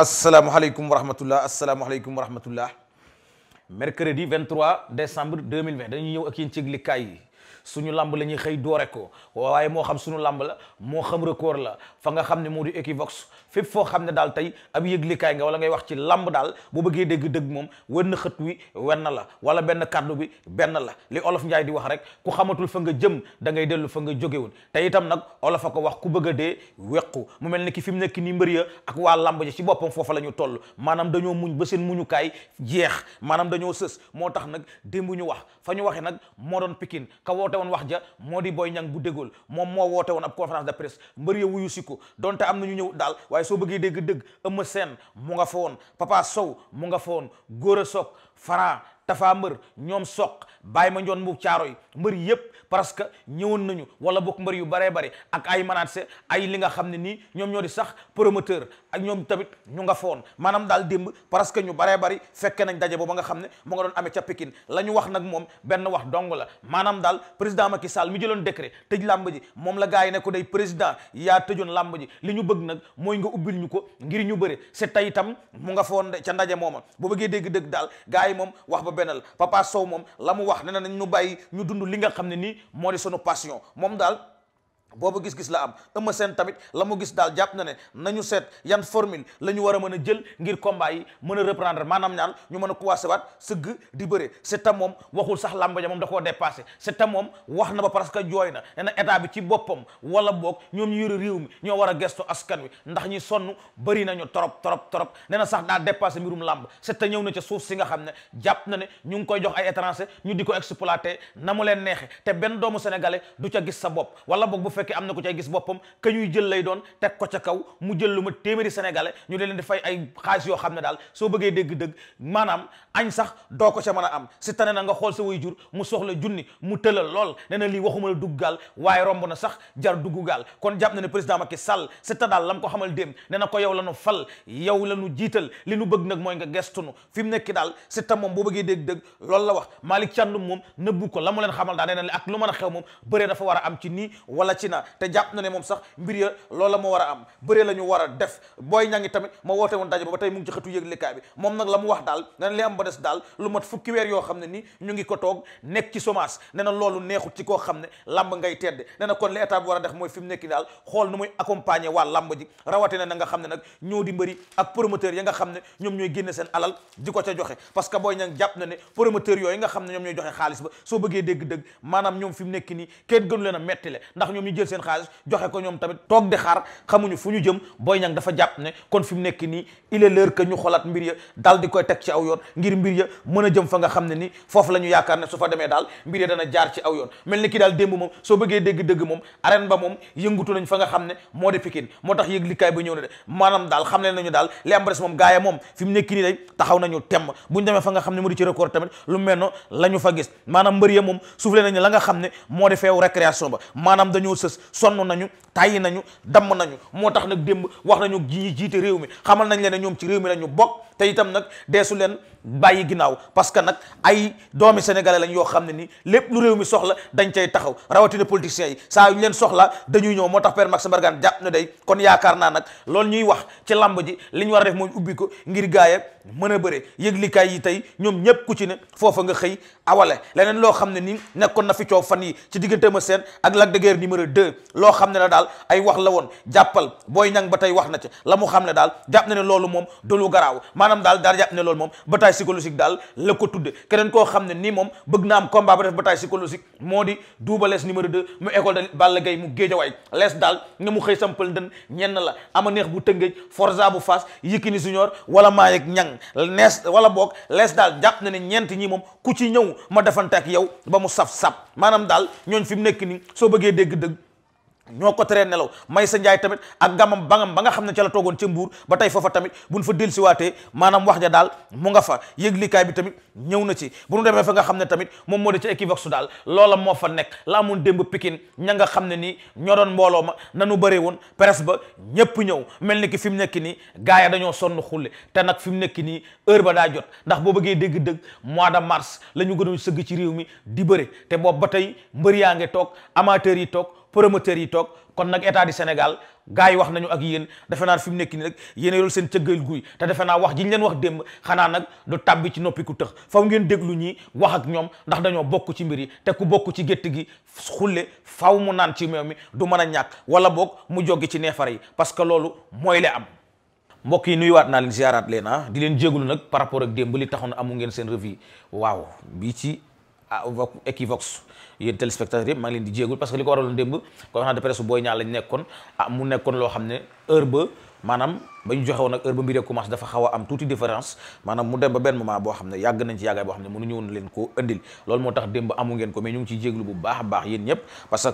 asalaamaaleykum wa rahmatullah asalaamaaleykum wa rahmatullah mercredi 23 décembre 2020 dañuy ñëw ak yéen ci yëglikaay yi suñu làmb la ñuy xëy doore ko waaye moo xam suñu làmb la moo xam record la fa nga xam ne moo di Equivox fépp foo xam ne daal tey ab yëglikaay nga wala ngay wax ci làmb daal bu bëggee dégg dëgg moom wenn xët wi wenn la wala benn kàddu bi benn la li olof Njaay di wax rek ku xamatul fa nga jëm da ngay dellu fa nga jóge woon te itam nag olof a ko wax ku bëgg a dee wequ mu mel ni ki fi mu nekk ni mbër ya ak waa lamb ja ci boppam foofa la ñu toll maanaam dañoo muñ ba seen muñukaay jeex maanaam dañoo sës moo tax nag démb ñu wax fa ñu waxe nag moo doon pikin woote woon wax ja moo di Boy Niang bu dégool moom moo woote woon ab conférence de presse mbër ya wuyu si ko donte am na ñu ñëw daal waaye soo bëggee dégg dëgg Eumeu seen mu nga fa woon Papa Sow mu nga fa woon Gora Sock Franc Tafa mbër ñoom soq bàyyi ma njoon mu caaro yi mbër yëpp parce que ñëwoon nañu wala bokk mbër yu baree bare ak ay manaatse ay li nga xam ne nii ñoom ñoo di sax promoteur ak ñoom tamit ñu nga foon maanaam daal démb parce que ñu baree bari fekke nañ daje booba nga xam ne mu nga doon amee ca Pikine la ñu wax nag moom benn wax dong la maanaam daal président ma Macky saal mu jëloon décret tëj làmb ji moom la gars yi ne ko day président yaa tëjoon làmb ji li ñu bëgg nag mooy nga ubbil ñu ko ngir ñu bëre c'est tey itam mu nga foon ca ndaje mooma bu bëggee dégg-dëgg daal gars yi moom wax ba benn la Papa Sow moom la mu wax ne nañ ñu bàyyi ñu dund li nga xam ne nii moo di sunu passion moom daal boobu gis-gis la am Eumeu Sène tamit la mu gis daal jàpp na ne nañu seet yan formule la ñu war a mën a jël ngir combat yi mën a reprendre maanaam ñaal ñu mën a commencé waat sëgg di bëre Siteu moom waxul sax làmb ja moom da koo dépassé Siteu moom wax na ba parce que jooy na ne na état bi ci boppam wala boog ñoom ñu yore réew mi ñoo war a gestu askan wi ndax ñi sonn bëri nañu torop torop trop ne na sax daa dépassé mbirum làmb Siteu ñëw na ca suuf si nga xam ne jàpp na ne ñu ngi koy jox ay étranger ñu di ko exploité na mu leen neexe te benn doomu sénégalais du ca gis sa bopp fekkee am na ku cay gis boppam ka ñuy jël lay doon teg ko ca kaw mu jël lu ma téeméeri sénégalais ñu leen di fay ay xaalis yoo xam ne daal soo bëggee dégg-dëgg maanaam añ sax doo ko ca mën a am si tane nga xool sa way jur mu soxla junni mu tëlal lool ne na lii waxuma la dugg gaal waaye romb na sax jar dugg gaal kon jàpp na ne président Macky Sall si ta daal lam ko xamal déem ne na ko yow la nu fal yow la nu jiital li nu bëgg nag mooy nga gestunu fi mu nekk daal si ta moom boo bëggee dégg-dëgg loolu la wax Malick Thiandoum moom nëbbu ko la mu leen xamal daal nee na li ak lu mën a xew moom bëree dafa war a am ci nii wala ci naa te jàpp na ne moom sax mbir ya loola ma war a am bëre la war a def booy ñangi tamit ma woote woon daje ba ba tey mu ngi ci xëtu yëglekaay bi moom nag la mu wax daal nee li am ba des daal lu mat fukki weer yoo xam ne ñoom ñooy génne seen alal di ko ca joxe parce booy ñang jàpp na ne promoteurs yooyu nga xam ne ñoom ñooy joxe xaalis ba soo bëggee dégg-dëgg maanaam ñoom fi mu nii kenn gënu leen a ndax ñoom ñu jël seen xaalis joxe ko ñoom tamit toog di xaar xamuñu fu ñu jëm Boy Niang dafa jàpp ne kon fi nekk nii il est l'heure ñu xolaat mbir ya daal di koy teg ci aw yoon ngir mbir ya mën a jëm fa nga xam ne ni foofu la ñu yaakaar ne su fa demee daal mbir ya dana jaar ci aw yoon mel ni ki daal démb moom soo bëggee dégg dëgg moom arène ba moom yëngutu ne moo de tax yëg likaay ba ñëw na de maanaam daal xam ne nañu daal li am ba des moom gaaya mu nekk nii day taxaw nañu temm xam ne mu di ci lu mel no la ñu fa ya moom suufle nañu la nga xam ne moo de feew récréation ba maanaam dañoo sës sonn nañu tàyyi nañu damm nañu moo tax nag demb wax nañu ji jiite réew mi xamal nañ leen ne ñoom ci réew mi la ñu bokk te nag deesu leen bàyyi ginnaaw parce que nag ay doomi sénégalais lañ yoo xam ne nii lépp lu réew mi soxla dañ cay taxaw rawatina politiciens yi saa yu ñu leen soxla dañuy ñëw moo tax père Max Mbargane jàpp na day kon yaakaar naa nag loolu ñuy wax ci lamb ji li ñu war def mooy ubbi ko ngir gaaya mën a bëre yëglikaay yi tey ñoom ñépp ku ci ne foofa nga xëy awale leneen loo xam ne ni nekkoon na fi coow fan yi ci diggante ma seen ak Lac de Guiers numéro 2 loo xam ne la daal ay wax la woon jàppal booy ñang ba tey wax na ca la mu xam ne daal jàpp na ne loolu moom du garaaw maanaam daal daal jàpp ne loolu moom ba tey bataille psychologique daal la ko tudde keneen koo xam ne nii moom bëgg naa am combat ba def bataille psychologique moo di Double Less numéro 2 mu école de Balla Gaye mu géejawaay lees daal nga mu xëy sampal ndën ñenn la ama neex bu tëngéej Forza bu Fass Yékini Junior wala Mayek Ñang nees wala boog lees daal jàpp na ne ñeent ñi moom ku ci ñëw ma defante ak yow ba mu saf-saf maanaam daal ñooñ fi nekk nii soo bëggee dégg-dëgg ñoo ko teree nelaw may sa njaay tamit ak gamam bangam ba nga xam ne ca la toogoon ca mbuur ba tey foofa tamit buñ fa dellusiwaatee maanaam wax ja daal mu nga fa yëglikaay bi tamit ñëw na ci bu ñu demee fa nga xam ne tamit moom moo di ca Equivox daal loola moo fa nekk la amoon démb Pikine ña nga xam ne nii ñoo doon mbooloo ma nanu bare woon presse ba ñépp ñëw mel ni ki fi mu nekk nii gars ya dañoo sonn xulle te nag fi mu nekk nii heure ba daa jot ndax boo bëggee dégg-dëgg mois de mars la ñu gënoon sëgg ci réew mi di bëre te boobu ba tey mbër yaa ngi toog amateurs yi toog promoteurs yi toog kon nag état du Sénégal gars yi wax nañu ak yéen defe naa fi mu nekk nii rek yéen yorul seen cëggal guy te defe naa wax ji ñu leen wax démb xanaa nag du tàbbi ci noppi ku tëx faw ngeen déglu ñi wax ak ñoom ndax dañoo bokk ci mbir yi te ku bokk ci gétt gi xulle faw mu naan ci meew mi du mën a ñàkk wala boog mu joggi ci neefare yi parce que loolu mooy le am. mbokk yi nuyuwaat naa leen ziaraat leen ah di leen jégalu nag par rapport ak démb li taxoon amu ngeen seen revue Ah, Equivox yéen téléspectateurs yëpp maa ngi leen di jéegul parce que li ko waraloon ah, loo xam ne heure maanaam ba ñu joxe woon ak heure ba xaw a am tuuti différence maanaam mu dem ba benn moment ne yàgg nañ ci yàggaay boo xam ne mënu ñëwoon leen koo indil loolu moo tax démb amu ngeen ko mais ñu ngi ciy jéeglu bu baax a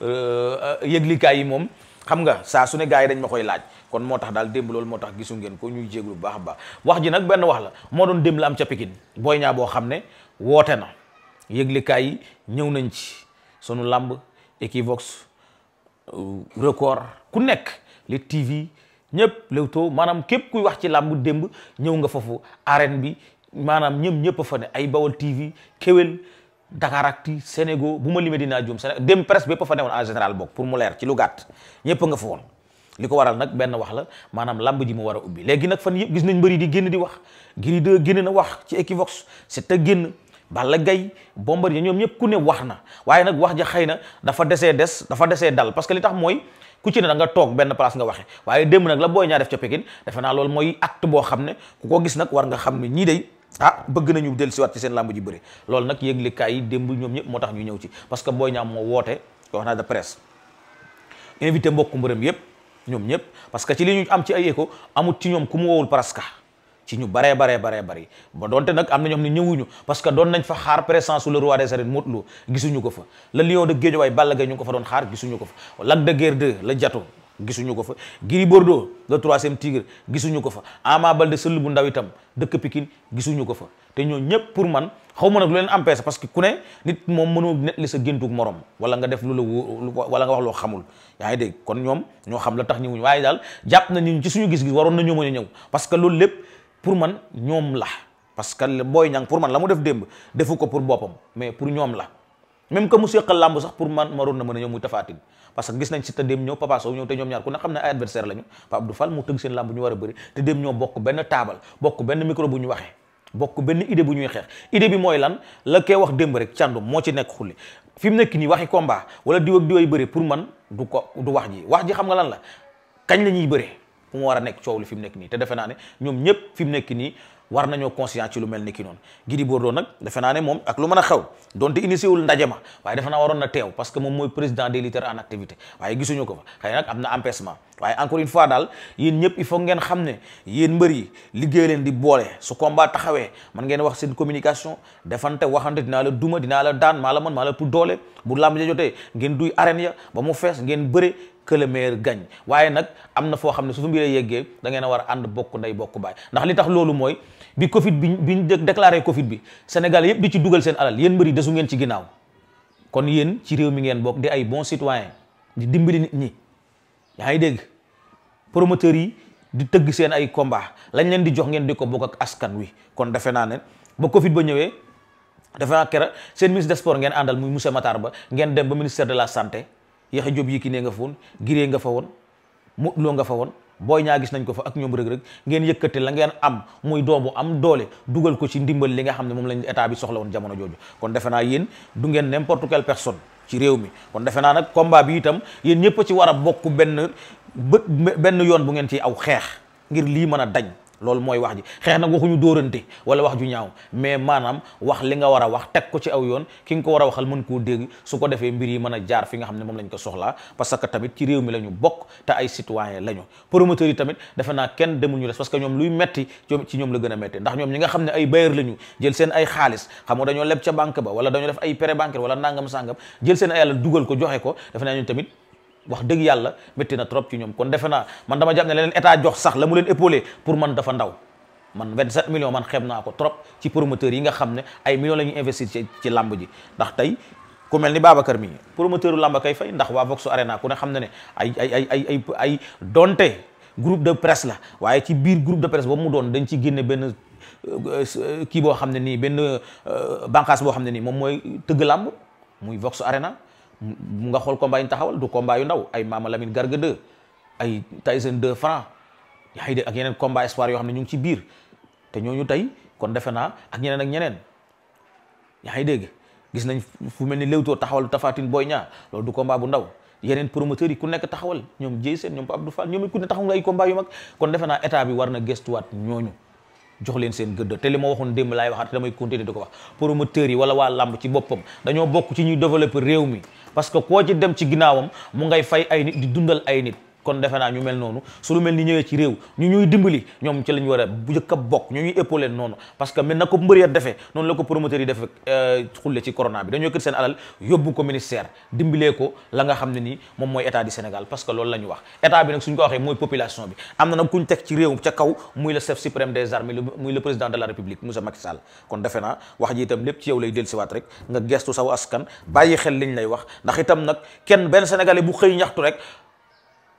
euh, yi moom xam nga saa su ne gars yi dañ ma koy laaj kon moo tax daal démb loolu moo tax gisu ngeen ko ñuy jéeglu bu baax a baax wax ji nag benn wax la moo doon démb am ca Pikine Boy boo xam ne woote na yëglikaay yi ñëw nañ ci sunu làmb Equivox euh, record ku nekk li TV ñëpp Leewtoo maanaam képp kuy wax ci lamb demb ñëw nga fafu arène bi maanaam ñëm ñëpp a fa ne ay Bawol TV Kewel Dakaractu Sénégo bu ma limee dinaa juum Sénégal démb presse bépp a fa newoon en bokk pour mu leer ci lu gàtt ñëpp nga fa li ko waral nag benn wax la maanaam lamb ji mu war a ubbi léegi nag fan yëpp gis nañ mbëri di génn di wax Gris 2 génn na wax ci Equivox c'est te Balla Gaye Bombardier ñoom ñëpp ku ne wax na waaye nag wax ja xëy na dafa desee des dafa desee dal parce que li tax mooy ku ci ne nga toog benn place nga waxe waaye démb nag la booy ñaa def ca Pekin defe naa loolu mooy acte boo xam ne ku ko gis nag war nga xam ne ñii day ah bëgg nañu dellu siwaat ci seen làmb ji bëri loolu nag yëglikaay yi démb ñoom ñëpp moo tax ñu ñëw ci parce que booy ñaa moo woote wax naa de presse invité mbokku mbërëm yëpp ñoom ñëpp parce que ci li ñu am ci ay écho amut ci ñoom ku mu woowul ci ñu baree baree baree bari ba doonte nag am na ñoo xam ne ñëwuñu parce que doon nañ fa xaar présence le roi des arènes Modou Lô gisuñu ko fa le lion de Guédiawaye Balla Gaye ñu ko fa doon xaar gisuñu ko fa Lac de Guiers 2 la gisuñu ko fa Gris Bordeaux le troisième bu ndaw itam dëkk Pikine gisuñu ko fa te ñoo ñëpp pour man xaw ma nag leen empêche parce que ku ne nit moom mënoo net sa géntug morom wala nga def lu la wala nga wax loo xamul yaa ngi dégg kon ñoom ñoo xam la tax ñëwuñu waaye daal jàpp na ñu ci suñu gis-gis waroon na ñoo mën a ñëw parce que loolu lépp pour man ñoom la parce que Boy Niang pour man la mu def démb defu ko pour boppam mais pour ñoom la même que mu seqal làmb sax pour man maroon na mën a ñëw muy tafaatin parce que gis nañ si te démb ñëw Papa Sow ñëw te ñoom ñaar ku ne xam ne adversaire lañu Pape Abdou tëgg seen làmb ñu war a bëri te démb ñoo bokk benn taabal bokk benn micro bu ñu waxee bokk benn idée bu ñuy xeex idée bi mooy lan la kee wax démb rek càndum moo ci nekk xulli fi mu nekk nii waxi combat wala diw ak diw ay bëri pour man du ko du wax ji wax ji xam nga lan la kañ la ñuy bëree bu mu war a nekk coow li fi mu nekk nii te defe naa ne ñoom ñëpp fi mu nekk nii war nañoo conscient ci lu mel ni ki noonu Gris Bordeaux nag defe naa ne a xew donte initié que moom mooy président des lutteurs en activité waaye gisuñu ko fa xëy nag am na empêchement waaye ne yéen mbër yi leen di boole su combat taxawee man ngeen wax seen communication defante waxante dinaa la duma dinaa la daan maa la mën maa la pu doole bu làmb ja jotee ngeen duy arène ya ba mu fees ngeen bëre que le meilleur waaye nag am na foo xam ne su fa mbiree yeggee da a war a ànd bokk nday bokk baay ndax li tax loolu mooy bi Covid bi bi ñu déclaré Covid bi Sénégal yépp di ci dugal seen alal yéen mbëri desu ngeen ci ginnaaw kon yéen ci réew mi ngeen bokk di ay bons citoyens di dimbali nit ñi yaa ngi dégg promoteurs yi di tëgg seen ay combat lañ leen di jox ngeen di ko bokk ak askan wi kon defe naa ne ba Covid ba ñëwee defe naa kera seen ministre des sports ngeen àndal muy monsieur Matar la santé. Yaxya Jóob nee nga fa woon Giree nga fa woon Modou Lo nga fa woon Boy ñaa gis nañ ko fa ak ñoom rëg-rëg ngeen yëkkate la ngeen am muy doomu am doole dugal ko ci ndimbal li nga xam ne moom lañ état bi soxla woon jamono jooju kon defe naa yéen du ngeen n'importe quelle personne ci réew mi kon defe naa nag combat bi itam yéen ñëpp ci war a bokk benn bët benn yoon bu ngeen ci aw xeex ngir lii mën a dañ loolu mooy wax ji xeex nag waxuñu dóorante wala wax ju ñaaw mais maanaam wax li nga war a wax teg ko ci aw yoon ki nga ko war a waxal mën koo dégg su ko defee mbir yi mën a jaar fi nga xam ne moom lañ ko soxlaa parce que tamit ci réew mi la ñu bokk te ay citoyen la ñu promoteurs yi tamit defe naa kenn demul ñu des parce que ñoom luy metti ci ñoom la gën a metti ndax ñoom ñi nga xam ne ay bailleur la ñu jël seen ay xaalis xam dañoo leb ca banque ba wala dañoo def ay prêt bancaire wala nangam sangam jël seen ay dugal ko joxe ko defe naa ñu tamit wax dëgg yàlla métti na trop ci ñoom kon defe naa man dama jàpp ne leneen état jox sax la mu leen épaulé pour man dafa ndaw man 27 millions man xeeb naa ko trop ci promoteurs yi nga xam ne ay millions la ñuy investir ci ci làmb ji ndax tey ku mel ni Babacar mi promoteur u làmb kay fay ndax waa Vox Arena ku ne xam ne ne ay ay ay ay ay donte groupe de presse la waaye ci biir groupe de presse boobu mu doon dañ ci génne benn euh, kii boo xam ne nii benn euh, bànqaas boo xam ne nii moom mooy tëgg làmb muy Vox Arena nga xool combat yi taxawal du combat yu ndaw ay Mama Lamine Garga 2 ay Tyson 2 franc yaa ngi de ak yeneen combat espoir yoo xam ne ñu ngi ci biir te ñooñu tey kon defe naa ak yeneen ak ñeneen yaa ngi dégg gis nañ fu mel ni Leewtoo taxawal Tafatine Boy Niang loolu du combat bu ndaw yeneen promoteurs yi ku nekk taxawal ñoom Diey Sène ñoom Abdou Fall ñoom it ku ne taxaw nga ay combat yu mag kon defe naa état bi war na gëstuwaat ñooñu jox leen seen gëdd te li ma waxoon démb laay waxaat damay continuer di ko wax promoteurs yi wala waa làmb ci boppam dañoo bokk ci ñuy développer réew mi parce que koo ci dem ci ginnaawam mu ngay fay ay nit di dundal ay nit kon defe naa ñu mel noonu su lu mel ni ñëwee ci réew ñu dimbali ñoom ci la ñu a bu jëkk a bokk ñu ñuy épaulé noonu parce que mais na ko mbër ya defee noonu la ko promoteur euh, bi dañoo kër seen alal yóbbu ko ko la nga xam ne nii moom mooy état du Sénégal que loolu la ñu wax état bi nag suñ ko waxee mooy population bi am na nag kuñ teg ci réew ca kaw muy le chef suprême des armées muy de la république monsieur Macky Sall kon defe naa itam lépp ci yow lay dellusiwaat rek nga gestu saw askan bàyyi xel liñ lay wax ndax itam nag kenn benn sénégalais bu xëy ñaxtu rek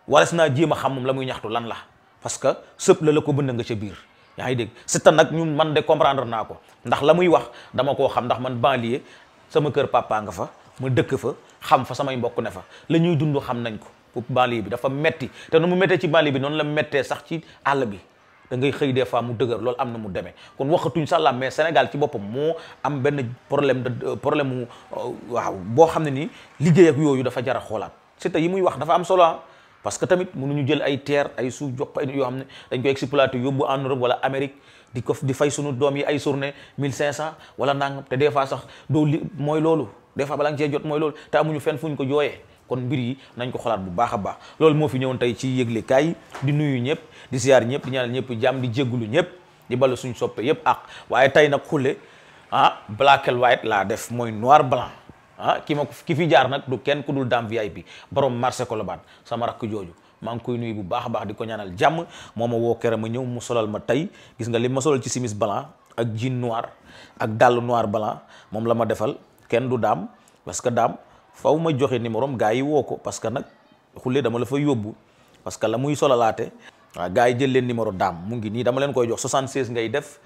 wala naa jéem a xam moom la muy ñaxtu lan la parce que sëpp la la ko bënd nga ca biir yaa ngi dégg seta nag ñu man de comprendre naa ko ndax la muy wax dama koo xam ndax man banlieue sama kër papa nga fa ma dëkk fa xam fa samay mbokk ne fa la ñuy dund xam nañ ko pour banlieue bi dafa metti te nu mu méttee ci banlieue bi noonu la méttee sax ci àll bi dangay ngay xëy des fois mu dëgër loolu am na mu demee kon waxatuñ sax la mais Sénégal ci boppam moo am benn problème de euh, problème mu euh, waaw boo xam ne ni liggéey yooyu dafa jar a xoolaat yi muy wax dafa parce que tamit mënuñu jël ay terre ay suuf jox yoo xam ne dañ koy exploité yóbbu en Europe wala Amérique di ko di fay suñu doom yi ay journée mille cinq cent wala nangam te des fois sax doo li mooy loolu des fois bala nga cee jot mooy loolu te amuñu fenn fu ñu ko jooyee kon mbir yi nañ ko xalaat bu baax a baax loolu moo fi ñëwoon tey ci yëgle kaay di nuyu ñëpp di siyaar ñëpp di ñaanal ñëpp jàmm di jéggulu ñëpp di balu suñ soppe yëpp ak waaye tey nag xule ah black and laa def mooy noir blanc ah ki ma ki fi jaar nag du kenn ku dul Dame VIP borom marché Colobane sama rakk jooju maa ngi koy nuyu bu baax a baax di ko ñaanal jàmm moo ma woo kere ma ñëw mu solal ma tey gis nga li ma solal ci simis blanc ak jean noir ak dàll noir blanc moom la ma defal kenn du daam parce que daam faw ma joxe numéro gaa yi woo ko parce que nag xulle dama la fa yóbbu parce que la muy solalaate waaw gaa yi jël leen daam mu ngi nii dama leen koy jox 76 ngay def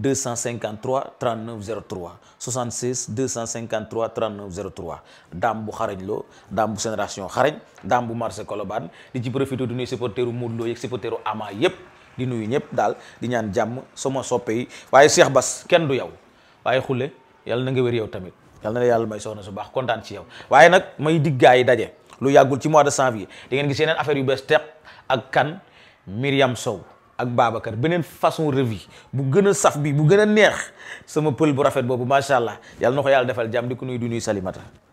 253 39 03 76 253 39 03 daam bu xarañ loo daam bu génération xarañ daam bu marché Colobane di ci profité du nuyu supporteru Modou Lo yeeg supporteru Ama yépp di nuyu ñëpp daal di ñaan jàmm suma soppee yi waaye Cheikh Bass kenn du yow waaye xulle yàlla na nga wér yow tamit yàlla na la yàlla may soxna su baax kontaan ci yow waaye nag may diggaa yi daje lu yàggul ci mois de janvier di ngeen gis yeneen affaire yu bees teq ak kan Myriam Sow ak Babacar beneen façon revue bu gën a saf bi bu gën a neex sama pël bu rafet boobu macha allah yàlla na ko yàlla defal jàmm di ko nuy du Salimata